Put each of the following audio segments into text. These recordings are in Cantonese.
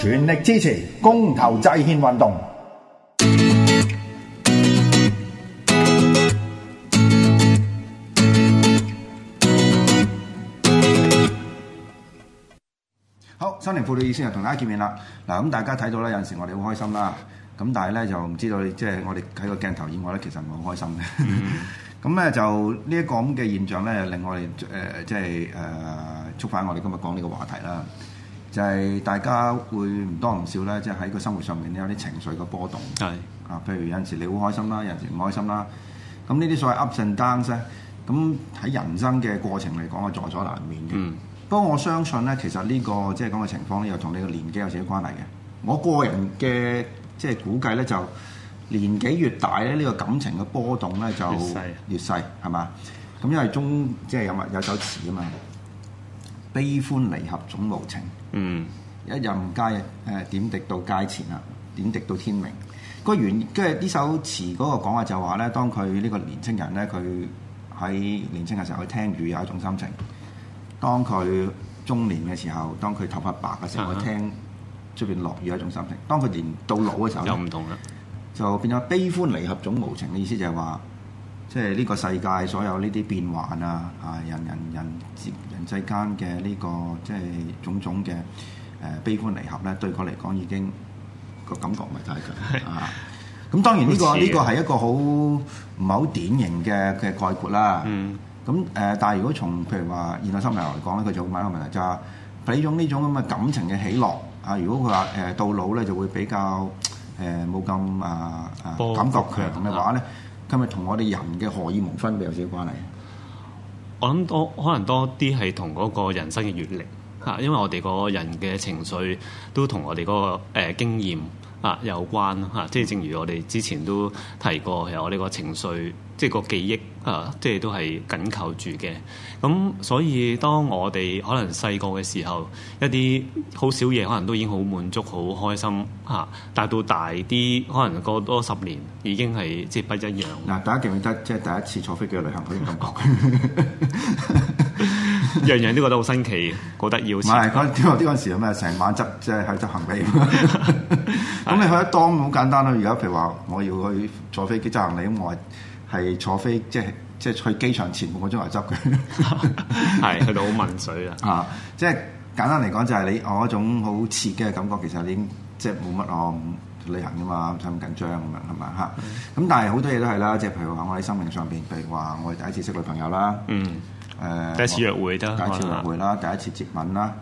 全力支持公投制憲運動。好，新年婦女意思就同大家見面啦。嗱，咁大家睇到咧，有陣時我哋好開心啦。咁但係咧就唔知道，即係我哋喺個鏡頭以外咧，其實唔係好開心嘅。咁咧、mm. 就呢一個咁嘅現象咧，令我哋誒，即係誒，觸發我哋今日講呢個話題啦。就係大家會唔多唔少咧，即係喺個生活上面咧，有啲情緒嘅波動。啊對，譬如有陣時你好開心啦，有陣時唔開心啦。咁呢啲所謂 ups and downs 咧，咁喺人生嘅過程嚟講，係在所難免嘅。嗯、不過我相信咧，其實呢、呢個即係咁嘅情況又同你個年紀有少少關係嘅。我個人嘅即係估計咧，就年紀越大咧，呢、呢個感情嘅波動咧就越細，係嘛？咁因為中即係、就是、有物有走遲啊嘛。悲歡離合總無情，嗯，一任街誒點滴到街前啦，點滴到天明。那個原即係呢首詞嗰個講話就係話咧，當佢呢個年青人咧，佢喺年青嘅時候去聽雨有一種心情；當佢中年嘅時候，當佢頭髮白嘅時候去聽出邊落雨有一種心情；嗯嗯，當佢年到老嘅時候咧，就唔同啦，就變咗悲歡離合總無情。嘅意思就係話。即係呢個世界所有呢啲變幻啊，啊人人人人世間嘅呢個即係種種嘅誒悲歡離合咧，對佢嚟講已經個感覺唔係太強 啊。咁當然呢、這個呢 個係一個好唔係好典型嘅嘅概括啦。咁誒、嗯，但係如果從譬如話現代心理學嚟講咧，佢就問一個問題，就係、是、呢種呢種咁嘅感情嘅起落啊，如果佢話誒到老咧就會比較誒冇咁啊感覺強嘅話咧？今日同我哋人嘅荷爾蒙分泌有少少關係。我諗多可能多啲係同嗰個人生嘅閱歷吓，因為我哋個人嘅情緒都同我哋嗰、那個誒、呃、經驗。啊，有關啦嚇，即係正如我哋之前都提過，有呢個情緒，即係個記憶啊，即係都係緊扣住嘅。咁、啊、所以當我哋可能細個嘅時候，一啲好少嘢，可能都已經好滿足、好開心但大，啊、到大啲，可能過多十年，已經係即係不一樣。嗱，大家記唔記得即係第一次坐飛機旅行嗰種感覺？ 樣樣都覺得好新奇，覺得要錢。唔係，啲話啲嗰陣時係咩？成晚執即係喺執行李。咁 你去得多好簡單啦。而家譬如話，我要去坐飛機執行李，咁我係坐飛即係即係去機場前半個鐘頭執嘅。係 去到好濫水 啊！啊，即係簡單嚟講就，就係你我嗰種好刺激嘅感覺，其實已經即係冇乜哦，旅、就是、行㗎嘛，唔使咁緊張㗎嘛，係咪啊？咁、嗯、但係好多嘢都係啦，即係譬如話我喺生命上邊，譬如話我哋第一次識女朋友啦，嗯。誒第一次約會都，第一次約會啦，第一次接吻啦，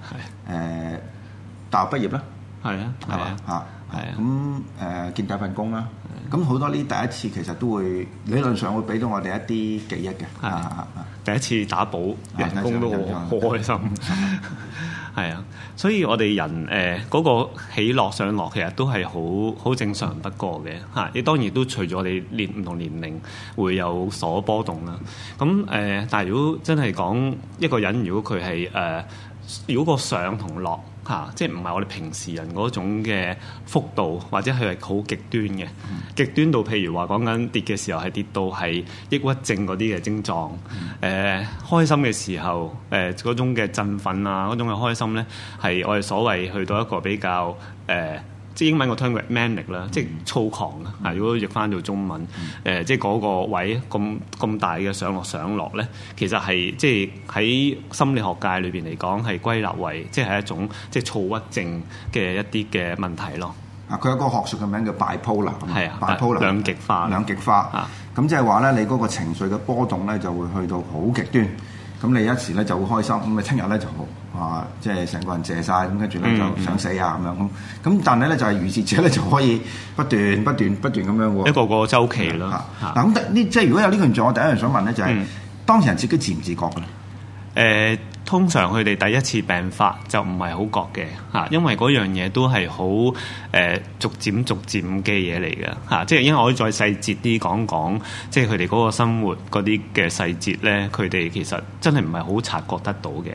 誒大學畢業啦，係啊，係嘛嚇，係啊，咁誒見第一份工啦，咁好多呢第一次其實都會理論上會俾到我哋一啲記憶嘅，啊第一次打保人工都好好開心。係啊，所以我哋人誒嗰、呃嗰個起落上落，其實都係好好正常不過嘅嚇。你、啊、當然都隨咗你年唔同年齡會有所波動啦。咁、嗯、誒、呃，但係如果真係講一個人，如果佢係誒，如果個上同落。啊、即係唔係我哋平時人嗰種嘅幅度，或者佢係好極端嘅，極、嗯、端到譬如話講緊跌嘅時候係跌到係抑鬱症嗰啲嘅症狀。誒、嗯呃，開心嘅時候，誒、呃、嗰種嘅振奮啊，嗰種嘅開心咧，係我哋所謂去到一個比較誒。呃即英文我聽過 manic 啦，即係躁狂啊！如果譯翻到中文，誒、嗯呃，即係嗰個位咁咁大嘅上落上落咧，其實係即係喺心理學界裏邊嚟講係歸納為即係一種即係躁鬱症嘅一啲嘅問題咯。啊，佢有個學術嘅名叫 bipolar 啦，係啊，bipolar 啦，兩極化，兩極化啊！咁、uh，即係話咧，你嗰個情緒嘅波動咧就會去到好極端，咁你一時咧就會開心，咁你聽日咧就好。啊！即係成個人謝晒，咁跟住咧就想死啊！咁樣咁，咁但係咧就係如是者咧就可以不斷不斷不斷咁樣，一個個周期係咯。嗱咁呢即係如果有呢個現象，我第一樣想問咧就係、是，嗯、當事人自己自唔自覺嘅咧？誒、呃。通常佢哋第一次病發就唔係好覺嘅嚇，因為嗰樣嘢都係好誒逐漸逐漸嘅嘢嚟嘅嚇，即係因為我可以再細節啲講講，即係佢哋嗰個生活嗰啲嘅細節咧，佢哋其實真係唔係好察覺得到嘅，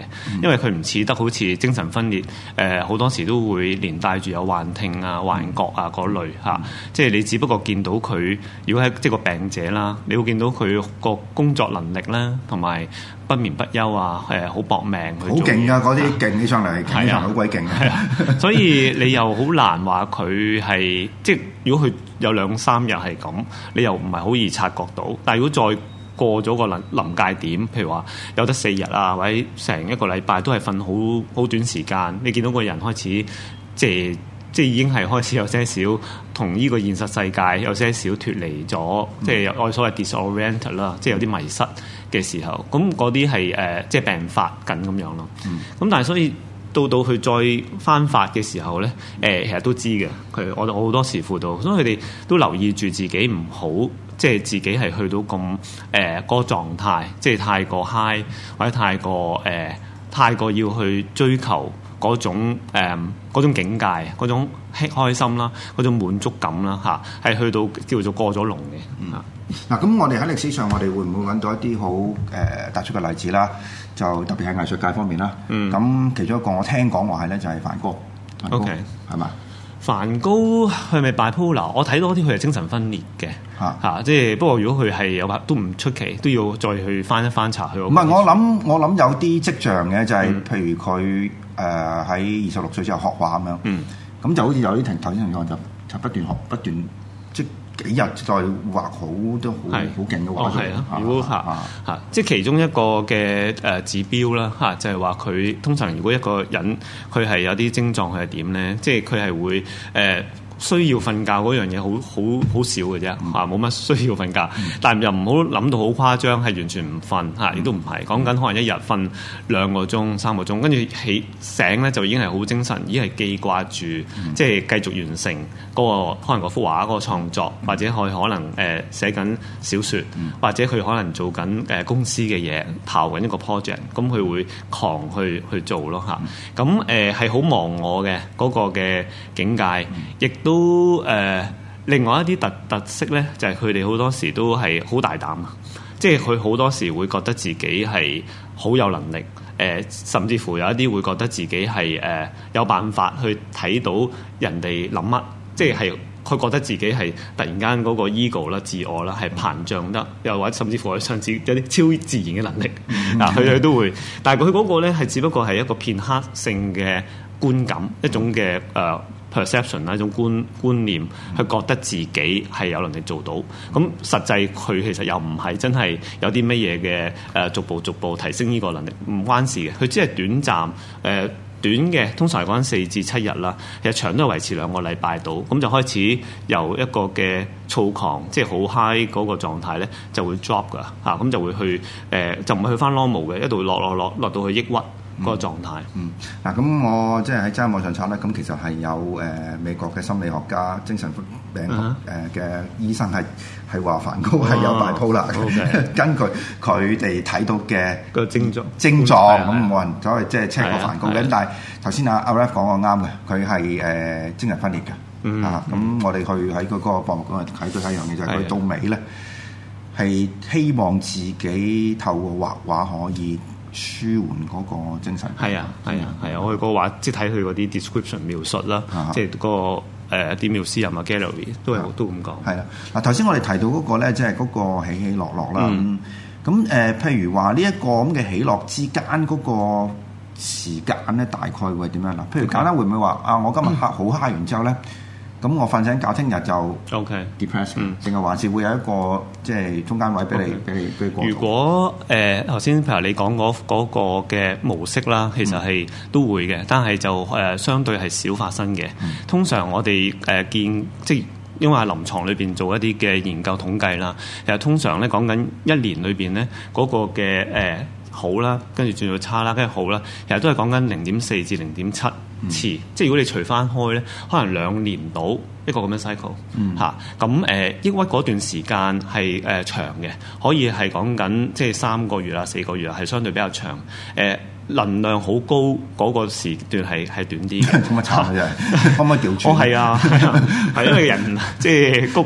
因為佢唔似得好似精神分裂誒，好多時都會連帶住有幻聽啊、幻覺啊嗰類啊，即係你只不過見到佢如果係即係個病者啦，你會見到佢個工作能力啦，同埋。不眠不休啊，誒，好搏命去。好勁啊，嗰啲，勁起上嚟睇啊，好鬼勁。所以你又好難話佢係， 即係如果佢有兩三日係咁，你又唔係好易察覺到。但係如果再過咗個臨臨界點，譬如話有得四日啊，或者成一個禮拜都係瞓好好短時間，你見到個人開始即係即係已經係開始有些少同呢個現實世界有些少脫離咗，嗯、即係我所謂 disorient 啦，即係有啲迷失。嘅時候，咁嗰啲係誒，即係病發緊咁樣咯。咁、嗯、但係所以到到佢再翻發嘅時候咧，誒、呃、其實都知嘅。佢我我好多時輔導，所以佢哋都留意住自己唔好，即係自己係去到咁誒、呃個狀態，即係太過 high 或者太過誒、呃、太過要去追求。嗰種誒嗰種境界，嗰種開心啦，嗰種滿足感啦，嚇係去到叫做過咗龍嘅。嗯。嗱，咁我哋喺歷史上，我哋會唔會揾到一啲好誒突出嘅例子啦？就特別係藝術界方面啦。嗯。咁其中一個我聽講話咧，就係梵高。OK。係嘛？梵高係咪拜 bipolar？我睇到啲佢係精神分裂嘅嚇嚇，即係不過如果佢係有話都唔出奇，都要再去翻一翻查佢，啊。唔係我諗，我諗有啲跡象嘅就係，是，嗯、譬如佢誒喺二十六歲之後學畫咁樣，咁、嗯、就好似有啲停頭先講就就不斷學不斷。即幾日再畫好都好，好勁嘅喎。話哦，係啦，嚇嚇，即其中一個嘅誒指標啦，嚇、啊，就係話佢通常如果一個人佢係有啲症狀係點咧，即佢係會誒，呃需要瞓覺樣嘢好好好少嘅啫嚇，冇乜、mm hmm. 需要瞓覺，mm hmm. 但又唔好諗到好誇張係完全唔瞓嚇，亦都唔係講緊可能一日瞓兩個鐘三個鐘跟住起醒咧就已經係好精神，已經係記掛住，即係繼續完成、嗰個可能個幅畫個創作，或者佢可能誒寫緊小說、mm hmm. 或者佢可能做緊誒公司嘅嘢，跑緊一個 project，咁佢會狂去去做咯吓咁誒係好忘我嘅、嗰個嘅境界，亦都、mm。Hmm. 都誒、呃，另外一啲特特色咧，就係佢哋好多時都係好大膽啊！即係佢好多時會覺得自己係好有能力誒、呃，甚至乎有一啲會覺得自己係誒、呃、有辦法去睇到人哋諗乜，即係係佢覺得自己係突然間嗰個 ego 啦、自我啦，係膨脹得又或者甚至乎有上至一啲超自然嘅能力嗱，佢哋、mm hmm. 呃、都會，但係佢嗰個咧係只不過係一個片刻性嘅觀感，一種嘅誒，呃 perception 啦，一種觀觀念，佢覺得自己係有能力做到，咁、嗯、實際佢其實又唔係真係有啲乜嘢嘅誒，逐步逐步提升呢個能力唔關事嘅，佢只係短暫誒、呃、短嘅，通常嚟講四至七日啦，其實長都係維持兩個禮拜到，咁就開始由一個嘅躁狂，即係好 high 嗰個狀態咧，就會 drop 㗎嚇，咁、啊、就會去誒、呃、就唔係去翻 normal 嘅，一度落落落落，落到去抑鬱。嗯、個狀態，嗯，嗱，咁我即係喺真係網上查咧，咁其實係有誒美國嘅心理學家、精神病學嘅醫生係係話梵高係有大鋪啦，啊 okay、根據佢哋睇到嘅個症狀，症狀，咁冇人走去即係 check 過梵高。咁、啊啊、但係頭先阿 Ralph 講個啱嘅，佢係誒精神分裂嘅、嗯、啊。咁我哋去喺嗰個博物館睇到一樣嘢就係佢到尾咧，係希望自己透過畫畫可以。舒緩嗰個精神係啊係啊係啊,啊！我去嗰個畫，即係睇佢嗰啲 description 描述啦，啊、哈 即係、嗰個誒一啲攝師入 gallery 都有都咁講。係、呃、啦，嗱頭先我哋提到嗰個咧，即係嗰個起起落落啦。咁誒、嗯呃，譬如話呢一個咁嘅起落之間嗰個時間咧，大概會係點樣啦？譬如簡單會唔會話啊？我今日蝦、嗯、好蝦完之後咧。咁我瞓醒搞聽日就 OK depression，淨係、mm. 還是會有一個即係、就是、中間位俾你俾 Okay. 你，你如果誒頭先譬如你講嗰、那個嘅模式啦，其實係、mm. 都會嘅，但係就誒、呃、相對係少發生嘅。Mm. 通常我哋誒、呃、見即係因為喺臨床裏邊做一啲嘅研究統計啦，其實通常咧講緊一年裏邊咧嗰個嘅誒、呃、好啦，跟住轉到差啦，跟住好啦，其實都係講緊零點四至零點七。次，即係如果你除翻開咧，可能兩年到一個咁樣 cycle 嚇，咁誒、嗯啊嗯、抑鬱嗰段時間係誒長嘅，可以係講緊即係三個月啊、四個月啊，係相對比較長。誒能量好高嗰個時段係係短啲。做乜炒啫？可唔可以調轉？哦，係啊，係因為人即係谷，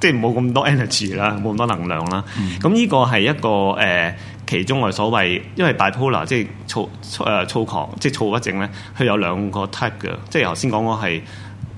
即係冇咁多 energy 啦，冇咁多能量啦。咁呢、啊嗯啊嗯嗯、個係一個誒。Uh, 其中我所謂因為 bipolar 即係躁誒誒躁狂，即係躁鬱症咧，佢有兩個 type 嘅，即係頭先講過係。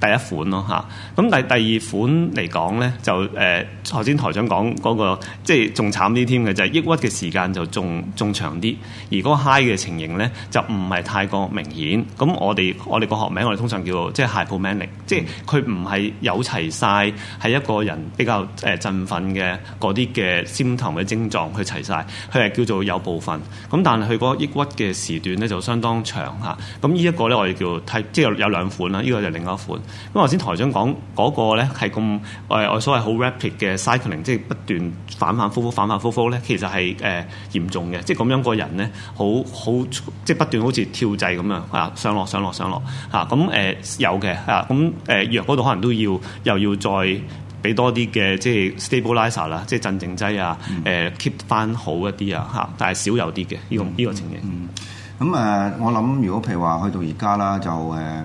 第一款咯吓，咁但係第第二款嚟講咧，就誒頭先台長講嗰個，即係仲慘啲添嘅，就係抑鬱嘅時間就仲仲長啲。而嗰個 high 嘅情形咧，就唔係太過明顯。咁我哋我哋個學名，我哋通常叫做即係 hypomanic，即係佢唔係有齊晒，係一個人比較誒振奮嘅嗰啲嘅先頭嘅症狀佢齊晒，佢係叫做有部分。咁但係佢嗰個抑鬱嘅時段咧就相當長嚇。咁呢一個咧，我哋叫即係有有兩款啦，呢個就另外一款。咁頭先台長講嗰、那個咧係咁誒，我、呃、所謂好 rapid 嘅 cycling，即係不斷反反覆覆、反反覆覆咧，其實係誒、呃、嚴重嘅，即係咁樣個人咧，好好即係不斷好似跳掣咁樣啊，上落上落上落嚇，咁誒有嘅嚇，咁誒藥度可能都要又要再俾多啲嘅即係 stabilizer 啦，即係鎮靜劑啊，誒 keep 翻好一啲啊嚇，但係少有啲嘅呢個呢個情形。咁誒我諗如果譬如話去到而家啦，就誒。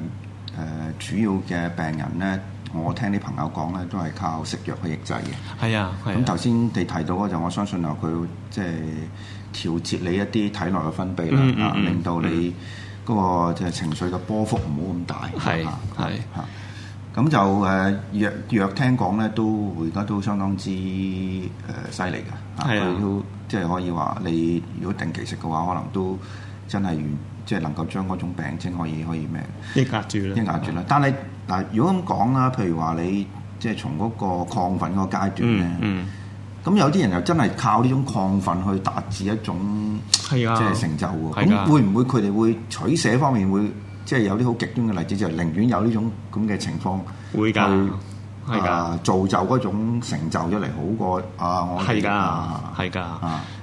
誒、呃、主要嘅病人咧，我聽啲朋友講咧，都係靠食藥去抑制嘅。係啊，咁頭先你提到嗰就，我相信啊，佢即係調節你一啲體內嘅分泌啦，令到你嗰個即係情緒嘅波幅唔好咁大。係係嚇，咁就誒藥藥聽講咧，都而家都相當之誒犀利㗎。係、呃、啊，都、啊啊、即係可以話你，如果定期食嘅話，可能都真係。即係能夠將嗰種病徵可以可以咩？抑壓住啦，抑壓住啦。但係嗱，如果咁講啦，譬如話你即係從嗰個亢奮嗰個階段咧，咁有啲人又真係靠呢種亢奮去達至一種係啊，即係成就喎。咁會唔會佢哋會取捨方面會即係有啲好極端嘅例子，就寧願有呢種咁嘅情況，會㗎係㗎，造就嗰種成就咗嚟，好過啊！我係㗎，係㗎。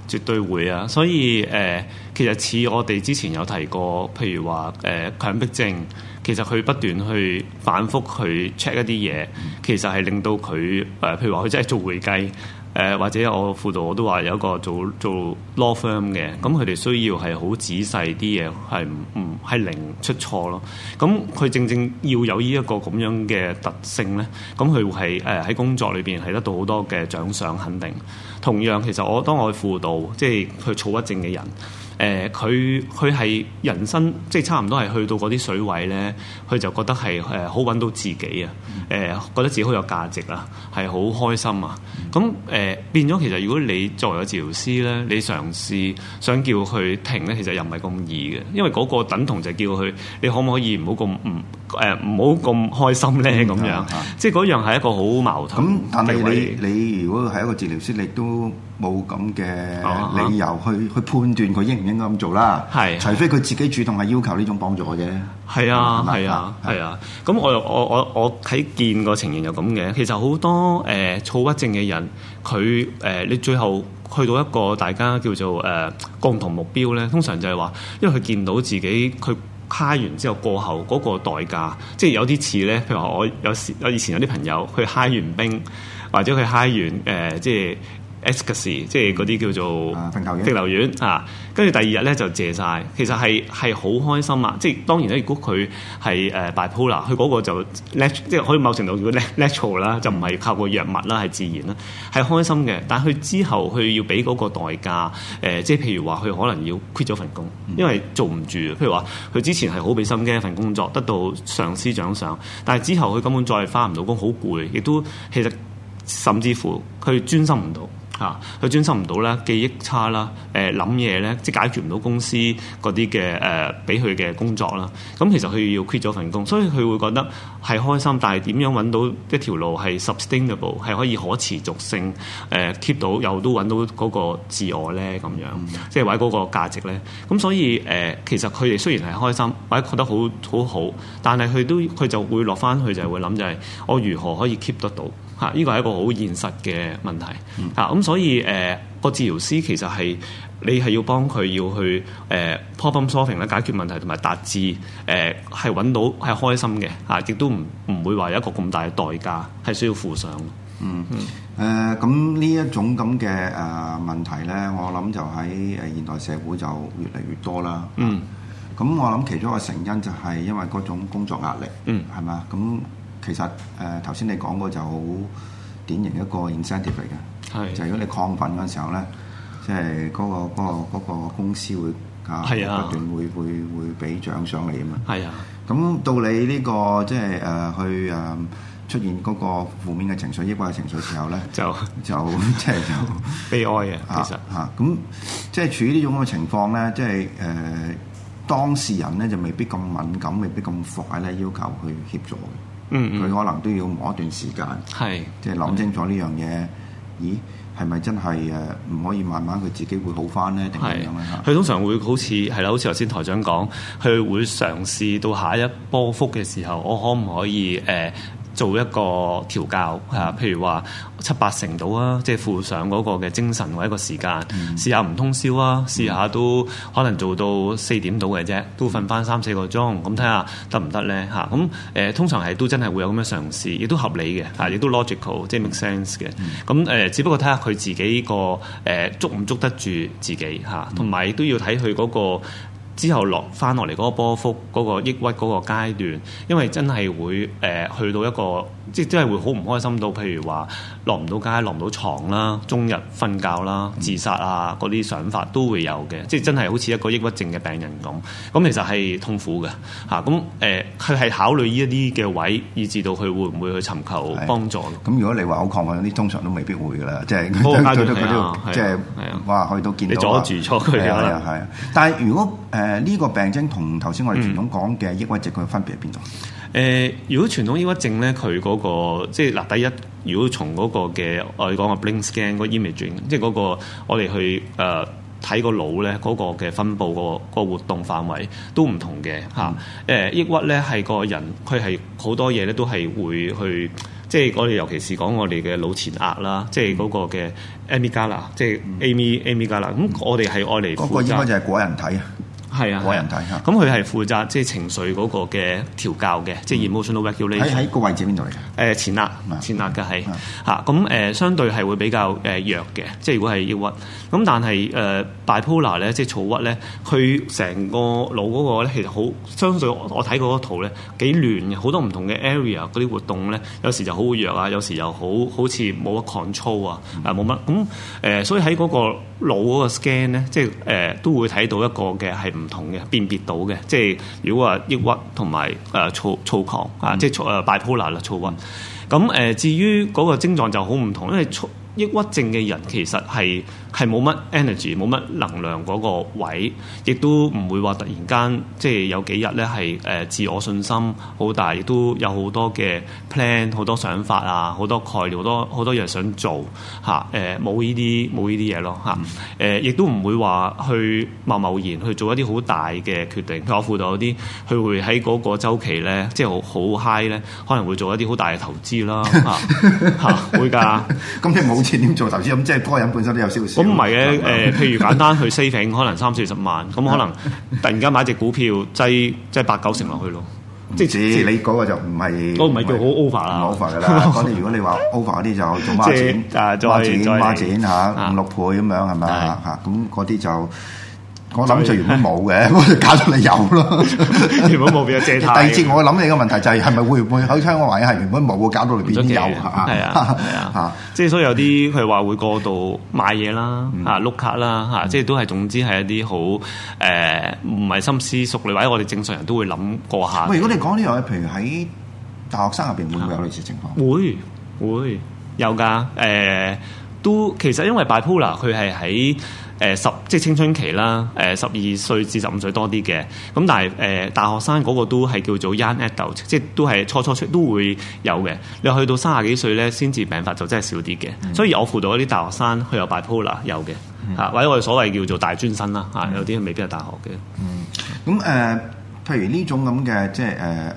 絕對會啊！所以誒、呃，其實似我哋之前有提過，譬如話誒強迫症，其實佢不斷去反覆去 check 一啲嘢，其實係令到佢誒、呃，譬如話佢真係做會計誒，或者我輔導我都話有一個做做 law firm 嘅，咁佢哋需要係好仔細啲嘢，係唔唔係零出錯咯？咁佢正正要有呢、這、一個咁樣嘅特性呢，咁佢會係喺、呃、工作裏邊係得到好多嘅獎賞肯定。同樣，其實我當我去輔導，即係去躁鬱症嘅人，誒佢佢係人生即係差唔多係去到嗰啲水位咧，佢就覺得係誒、呃、好揾到自己啊，誒、呃、覺得自己好有價值啦，係好開心啊。咁誒、呃、變咗，其實如果你作為個治療師咧，你嘗試想叫佢停咧，其實又唔係咁易嘅，因為嗰個等同就叫佢你可唔可以唔好咁唔。誒唔好咁開心咧咁、嗯、樣，嗯、即係嗰樣係一個好矛盾。咁但係你你如果係一個治療師，你都冇咁嘅理由去、啊、去判斷佢應唔應該咁做啦。係是，除非佢自己主動係要求呢種幫助嘅啫。係啊，係、嗯、啊，係啊。咁、啊啊、我我我我睇見個情形又咁嘅。其實好多誒、呃、躁鬱症嘅人，佢誒、呃、你最後去到一個大家叫做誒共、呃、同目標咧，通常、常就係話，因為佢見到自己佢。揩完之後，過後嗰個代價，即係有啲似咧，譬如我有時我以前有啲朋友去揩完冰，或者去揩完誒、呃，即係。X 嘅事，i, 即係嗰啲叫做滴留、啊、院。嚇，跟、啊、住第二日咧就借晒。其實係係好開心啊！即係當然咧，如果佢係誒、呃、bipolar，佢嗰個就 natural, 即係可以某程度上 natural 啦，就唔係靠個藥物啦，係自然啦，係開心嘅。但係佢之後佢要俾嗰個代價，誒、呃，即係譬如話佢可能要 quit 咗份工，因為做唔住。譬如話佢之前係好俾心機一份工作，得到上司獎賞，但係之後佢根本再翻唔到工，好攰，亦都其實甚至乎佢專心唔到。嚇，佢、啊、專心唔到啦，記憶差啦，誒諗嘢咧，即係解決唔到公司嗰啲嘅誒，俾佢嘅工作啦。咁、嗯嗯、其實佢要 quit 咗份工，所以佢會覺得係開心，但係點樣揾到一條路係 sustainable，係可以可持續性誒、呃、keep 到，又都揾到嗰個自我咧咁樣，即係或者嗰個價值咧。咁所以誒、呃，其實佢哋雖然係開心，或者覺得好好好，但係佢都佢就會落翻去就係會諗就係、是，我如何可以 keep 得到？嚇！依個係一個好現實嘅問題。嚇、嗯！咁、啊、所以誒個、呃、治療師其實係你係要幫佢要去誒 problem solving 咧，解決問題，同埋達至誒係揾到係開心嘅嚇，亦、啊、都唔唔會話有一個咁大嘅代價係需要付上。嗯嗯，咁呢、呃、一種咁嘅誒問題咧，我諗就喺誒現代社會就越嚟越多啦。嗯。咁、啊、我諗其中一個成因就係因為嗰種工作壓力。嗯。係嘛？咁。其實誒頭先你講過就好典型一個 incentive 嚟嘅，的就如果你亢奮嗰陣時候咧，即係嗰個嗰、那個嗰、那個公司會不斷會的會會俾獎賞你啊嘛，咁的到你呢、這個即係誒去誒出現嗰個負面嘅情緒、抑鬱嘅情緒時候咧，就就即係 就，就 悲哀嘅。其實嚇咁、啊啊啊啊啊啊、即係處於呢種咁嘅情況咧，即係誒當事人咧就未必咁敏感，未必咁快咧要求去協助嗯，佢可能都要磨一段時間，係即係諗清楚呢樣嘢。的咦，係咪真係誒唔可以慢慢佢自己會好返呢？定係，佢通常會好似係啦，好似頭先台長講，佢會嘗試到下一波幅嘅時候，我可唔可以誒？呃做一個調教嚇、啊，譬如話七八成度啊，即係附上嗰個嘅精神或一個時間，試下唔通宵啊，試下都可能做到四點度嘅啫，都瞓翻三四個鐘，咁睇下得唔得咧嚇？咁誒、啊、通常係都真係會有咁嘅嘗試，亦都合理嘅嚇，亦、啊、都 logical，即係 make sense 嘅。咁誒、嗯啊，只不過睇下佢自己個誒、啊、捉唔捉得住自己嚇，同、啊、埋都要睇佢嗰個。之後落翻落嚟嗰個波幅，嗰個抑鬱，嗰個階段，因為真係會誒、呃、去到一個。即係都係會好唔開心到，譬如話落唔到街、落唔到床啦，中日瞓覺啦、自殺啊嗰啲想法都會有嘅，即係真係好似一個抑鬱症嘅病人咁。咁其實係痛苦嘅嚇。咁、啊、誒，佢、呃、係考慮呢一啲嘅位，以至到佢會唔會去尋求幫助？咁、啊、如果你話好抗拒嗰啲，通常都未必會嘅啦。即係佢都佢都即係，啊啊、哇！可以都見到你阻住咗佢啦。係啊係、啊啊啊、但係、呃、如果誒呢、呃這個病徵同頭先我哋傳統講嘅抑鬱症嘅分別係邊種？誒、呃，如果傳統抑鬱症咧，佢嗰、那個即係嗱，第一，如果從嗰個嘅我哋講嘅 brain scan 嗰個 imaging，即係、那、嗰個我哋去誒睇、呃、個腦咧，嗰、那個嘅分佈個、那個活動範圍都唔同嘅吓。誒、嗯呃，抑鬱咧係個人佢係好多嘢咧都係會去，即係我哋尤其是講我哋嘅腦前額啦，即係嗰個嘅 amygdala、嗯、即係 amy amygdala、嗯。咁我哋係愛嚟嗰個應該就係個人睇啊。係啊，冇人睇下，咁佢係負責即係情緒嗰個嘅調教嘅，即係 emotional regulation。喺喺個位置邊度嚟嘅，誒前額，前額嘅係吓咁誒相對係會比較誒弱嘅，即係如果係抑鬱咁但係誒、呃、bipolar 咧，即係躁鬱咧，佢成個腦嗰個咧，其實好相對我睇過個圖咧幾亂嘅，好多唔同嘅 area 啲活動咧，有時就好會弱啊，有時又好好似冇乜 control 啊，啊冇乜咁誒所以喺嗰個腦嗰個 scan 咧，即係誒都會睇到一個嘅係唔。唔同嘅，辨別到嘅，即係如果話抑鬱同埋誒躁躁狂啊，即係誒 bipolar 啦，躁鬱。咁誒至於個症狀就好唔同，因為抑鬱症嘅人其實係係冇乜 energy，冇乜能量個位，亦都唔會話突然間即係有幾日咧係誒自我信心好大，亦都有好多嘅 plan，好多想法啊，好多概念，好多好多嘢想做吓，誒冇呢啲冇呢啲嘢咯吓，誒亦都唔會話去貿貿然去做一啲好大嘅決定，包括輔導啲佢會喺嗰個周期咧，即係好好 high 咧，可能會做一啲好大嘅投資。啦吓吓會噶，咁你冇錢點做投資咁，即係個人本身都有少少。我唔係嘅，誒，譬如簡單去 saving，可能三四十萬，咁可能突然間買隻股票，擠即係八九成落去咯。即係你嗰個就唔係，我唔係叫好 over 啦，over 噶啦。反正如果你話 over 嗰啲就做孖展，孖展孖展吓五六倍咁樣係咪？吓，咁嗰啲就。我諗就原本冇嘅，搞到你有咯。原本冇變咗 借貸。第二節我諗你嘅問題就係係咪會唔會口，好似我懷疑係原本冇，會搞到嚟變咗有 啊？係啊係啊，即係所以有啲佢話會過度買嘢啦，吓碌、嗯啊、卡啦，吓、啊，即係都係總之係一啲好誒，唔、呃、係心思熟慮，或者我哋正常人都會諗過下。喂，如果你講呢樣嘢，譬如喺大學生入邊會唔會有類似情況？會會有噶，誒、呃，都其實因為 Bipolar 啊，佢係喺。誒、呃、十即係青春期啦，誒十二歲至十五歲多啲嘅，咁但係誒、呃、大學生嗰個都係叫做 young adult，即係都係初初出都會有嘅。你去到三十幾歲咧，先至病發就真係少啲嘅。Mm hmm. 所以我輔導嗰啲大學生佢有 bipolar 有嘅，嚇或者我哋所謂叫做大專生啦，嚇有啲未必係大學嘅。嗯，咁、嗯、誒，譬如呢種咁嘅即係誒誒誒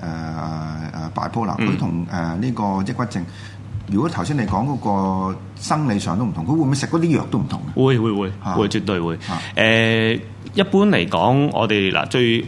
bipolar，佢同誒呢個抑鬱症。就是呃呃呃呃呃呃如果頭先你講嗰個生理上都唔同，佢會唔會食嗰啲藥都唔同嘅？會會會會，啊、絕對會。啊呃、一般嚟講，我哋嗱最誒，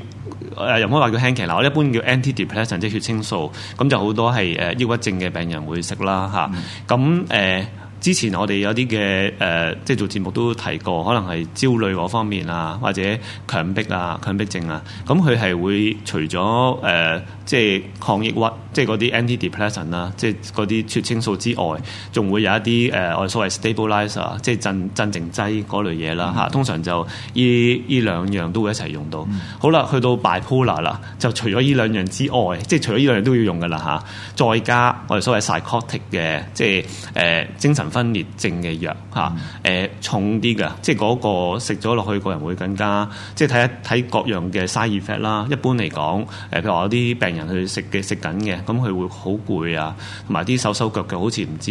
又可以話叫輕期嗱，我、呃、一般叫 antidepressant，即係血清素，咁就好多係誒抑鬱症嘅病人會食啦，嚇、啊。咁誒、嗯啊，之前我哋有啲嘅誒，即係做節目都提過，可能係焦慮嗰方面啊，或者強迫啊、強迫症啊，咁佢係會除咗誒。呃呃即係抗抑鬱，即係嗰啲 antidepressant 啦，即係嗰啲血清素之外，仲會有一啲誒我哋所謂 stabilizer，即係鎮鎮靜劑嗰類嘢啦吓通常就依依兩樣都會一齊用到。嗯、好啦，去到 bipolar 啦，就除咗依兩樣之外，即係除咗依兩樣都要用嘅啦吓再加我哋所謂 psychotic 嘅，即係誒、呃、精神分裂症嘅藥吓誒、啊呃、重啲嘅，即係嗰個食咗落去個人會更加，即係睇一睇各樣嘅 side effect 啦。一般嚟講誒譬如話有啲病。人去食嘅，食緊嘅，咁佢會好攰啊，同埋啲手手腳腳好似唔知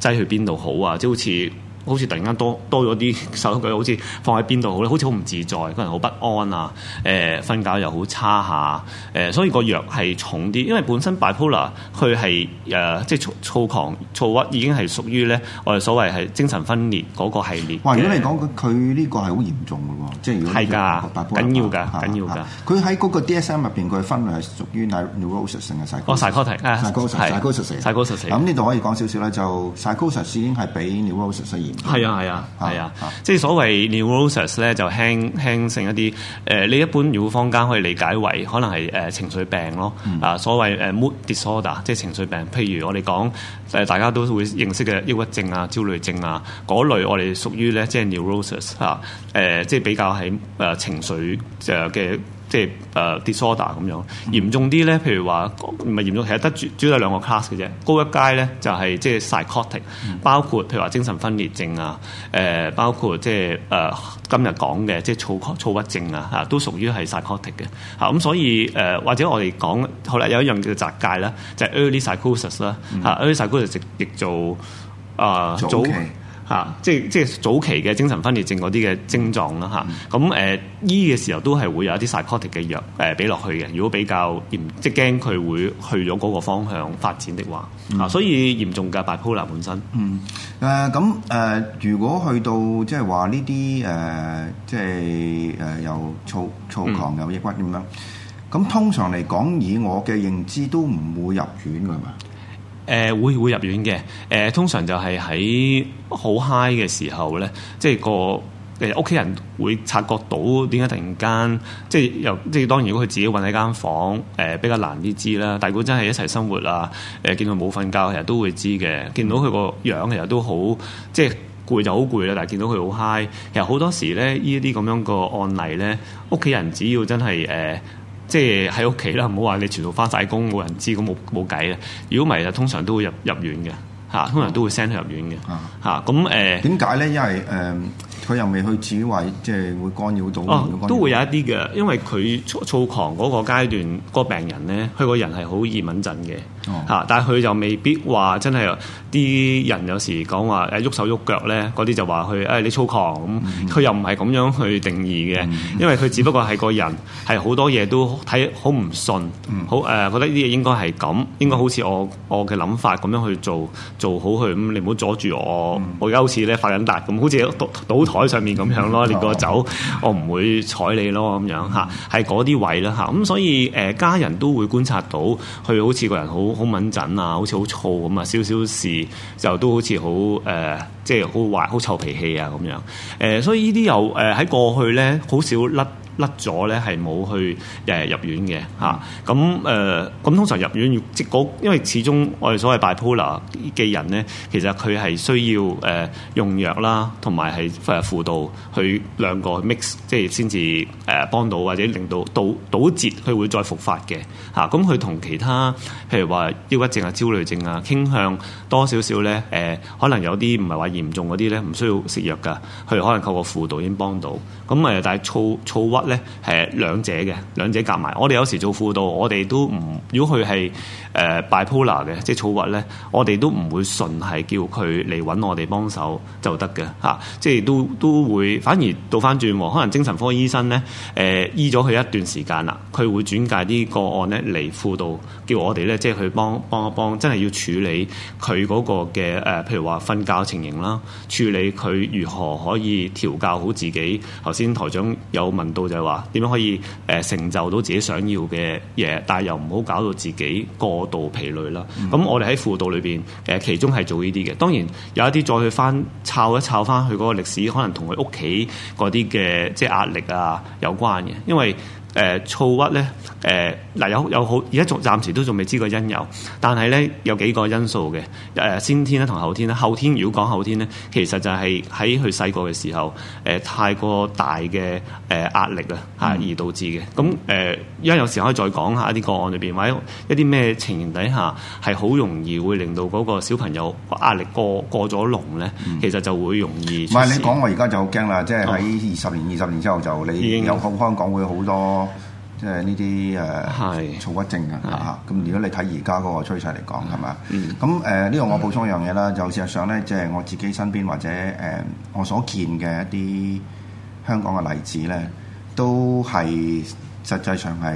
擠去邊度好啊，即係好似。好似突然間多多咗啲手腳，好似放喺邊度好咧，好似好唔自在，個人好不安啊！誒、呃，瞓覺又好差下，誒、呃，所以個藥係重啲，因為本身 bipolar 佢係誒、呃、即係躁，躁狂躁鬱已經係屬於咧我哋所謂係精神分裂嗰個系列。如果嚟講佢佢呢個係好嚴重嘅喎，即係如果係緊要㗎，緊要㗎。佢喺嗰個 DSM 入邊，佢分類係屬於係 neurosis 性嘅 psychotic。哦，psychotic 咁呢度可以講少少咧，就 psychosis 已經係比 neurosis 係啊係啊係啊，即係所謂 neurosis 咧，就輕輕性一啲誒、呃，你一般如果坊間可以理解為可能係誒、呃、情緒病咯，啊、嗯、所謂誒 mood disorder，即係情緒病，譬如我哋講誒大家都會認識嘅抑鬱症啊、焦慮症啊嗰類，我哋屬於咧、就是呃、即係 neurosis 嚇，誒即係比較係誒、呃、情緒嘅。即係誒、uh, disorder 咁樣嚴重啲咧，譬如話唔係嚴重，其實得主要係兩個 class 嘅啫。高一階咧就係、是、即係 psychotic，、嗯、包括譬如話精神分裂症，、呃就是呃就是、症啊，誒包括即係誒今日講嘅即係躁躁鬱症啊嚇，都屬於係 psychotic 嘅嚇。咁所以誒、呃、或者我哋講後嚟有一樣叫做窄界啦，就係、是 ear psych 嗯啊、early psychosis 啦嚇，early psychosis 亦做誒、呃、早。嚇、啊，即即早期嘅精神分裂症嗰啲嘅症狀啦嚇，咁、啊、誒、呃、醫嘅時候都係會有一啲 psychotic 嘅藥誒俾落去嘅，如果比較嚴，即驚佢會去咗嗰個方向發展的話，嗯、啊，所以嚴重嘅 bipolar 本身，嗯誒咁誒，如果去到即係話呢啲誒，即係誒又躁躁狂又抑鬱咁、嗯、樣，咁通常嚟講，以我嘅認知都唔會入院㗎嘛。誒、呃、會會入院嘅，誒、呃、通常就係喺好 high 嘅時候咧，即係個誒屋企人會察覺到點解突然間即係又即係當然，如果佢自己揾喺間房，誒、呃、比較難啲知啦。但係如果真係一齊生活啊，誒、呃、見到冇瞓覺，天天其實都會知嘅。見到佢個樣其實都好即係攰就好攰啦，但係見到佢好 high，其實好多時咧呢一啲咁樣個案例咧，屋企人只要真係誒。呃即係喺屋企啦，唔好話你全部返晒工冇人知，咁冇冇計啦。如果唔係，就通常都會入入院嘅，嚇，通常都會 send 去入院嘅，嚇、啊啊。咁誒點解咧？因為誒。呃佢又未去指話，即係會干擾到都會有一啲嘅，因為佢躁躁狂個階段，個病人咧，佢個人係好易敏震嘅吓，但係佢又未必話真係啲人有時講話誒喐手喐腳咧，啲就話佢誒你躁狂咁，佢又唔係咁樣去定義嘅，因為佢只不過係個人係好多嘢都睇好唔順，好誒覺得呢啲嘢應該係咁，應該好似我我嘅諗法咁樣去做做好佢咁，你唔好阻住我，我而家好似咧發緊達咁，好似賭賭台喺上面咁樣咯，你個走我唔會睬你咯咁樣嚇，係嗰啲位啦嚇，咁所以誒、呃、家人都會觀察到，佢好似個人好好敏準啊，好似好燥咁啊，少少事就都好似好誒，即係好壞好臭脾氣啊咁樣誒、呃，所以呢啲又誒喺過去咧好少甩。甩咗咧，係冇去誒入院嘅，吓咁誒，咁通常入院即係嗰，因為始終我哋所謂 bipolar 嘅人咧，其實佢係需要誒、呃、用藥啦，同埋係誒輔導去兩個去 mix，即係先至誒幫到，或者令到堵堵截佢會再復發嘅嚇。咁佢同其他譬如話抑鬱症啊、焦慮症啊傾向多少少咧誒可能有啲唔係話嚴重啲咧，唔需要食藥噶，佢可能靠個輔導已經幫到。咁、嗯、誒但係躁躁鬱。咧誒，兩者嘅，兩者夾埋，我哋有時做輔導，我哋都唔如果佢係誒、呃、bipolar 嘅，即係躁鬱咧，我哋都唔會純係叫佢嚟揾我哋幫手就得嘅嚇，即係都都會反而倒翻轉，可能精神科醫生咧，誒醫咗佢一段時間啦，佢會轉介啲個案咧嚟輔導，叫我哋咧即係去幫幫一幫，真係要處理佢嗰個嘅誒、呃，譬如話瞓覺情形啦，處理佢如何可以調教好自己。頭先台長有問到就。話點樣可以誒成就到自己想要嘅嘢，但係又唔好搞到自己過度疲累啦。咁、嗯、我哋喺輔導裏邊誒，其中係做呢啲嘅。當然有一啲再去翻抄一抄翻佢嗰個歷史，可能同佢屋企嗰啲嘅即係壓力啊有關嘅，因為。誒躁鬱咧，誒嗱有有好而家仲暫時都仲未知個因由，但係咧有幾個因素嘅誒、呃、先天咧同後天咧，後天如果講後天咧，其實就係喺佢細個嘅時候誒、呃、太過大嘅誒、呃、壓力啊嚇而導致嘅，咁誒、嗯嗯、因為有時可以再講一下一啲個案裏邊，或者一啲咩情形底下係好容易會令到嗰個小朋友壓力過過咗籠咧，其實就會容易唔係、嗯、你講我而家就好驚啦，即係喺二十年、二十、嗯、年之後就你已經有好香港會好多。即係呢啲誒躁鬱症啊，嚇，咁如果你睇而家嗰個趨勢嚟講係嘛？咁誒呢個我補充一樣嘢啦，是就事實上咧，即係我自己身邊或者誒、呃、我所見嘅一啲香港嘅例子咧，都係。實際上係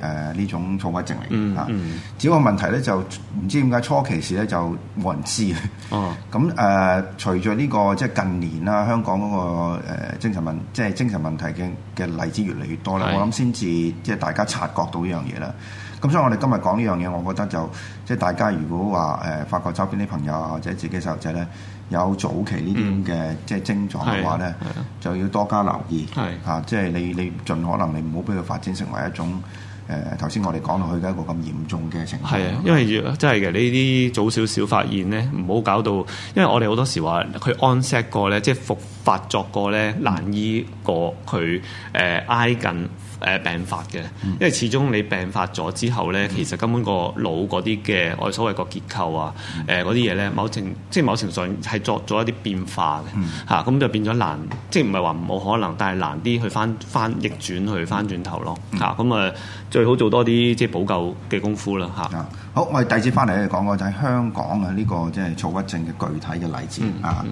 誒呢種躁鬱症嚟嘅嚇，嗯嗯、只不過問題咧就唔知點解初期時咧就冇人知哦，咁誒隨着呢個即係近年啦，香港嗰、嗰個精神問即係精神問題嘅嘅例子越嚟越多啦，是我諗先至即係大家察覺到呢樣嘢啦。咁所以我哋今日講呢樣嘢，我覺得就即係大家如果話誒發覺周邊啲朋友啊或者自己細路仔咧。有早期呢啲咁嘅即係症狀嘅話咧，啊、就要多加留意嚇，即係、啊啊就是、你你盡可能你唔好俾佢發展成為一種誒頭先我哋講落去嘅一個咁嚴重嘅情況。係啊，因為、嗯、真係嘅呢啲早少少發現咧，唔好搞到，因為我哋好多時話佢 onset 過咧，即係復發作過咧，難醫過佢誒、呃、挨近。誒病發嘅，因為始終你病發咗之後咧，嗯、其實根本個腦嗰啲嘅我所謂個結構啊，誒嗰啲嘢咧，某程即係某程度上係作咗一啲變化嘅嚇，咁、嗯啊、就變咗難，即係唔係話冇可能，但係難啲去翻翻逆轉去翻轉頭咯嚇，咁誒、嗯啊、最好做多啲即係補救嘅功夫啦嚇。好，我哋第二節翻嚟咧講個就係香港嘅呢個即係躁鬱症嘅具體嘅例子啊。嗯嗯。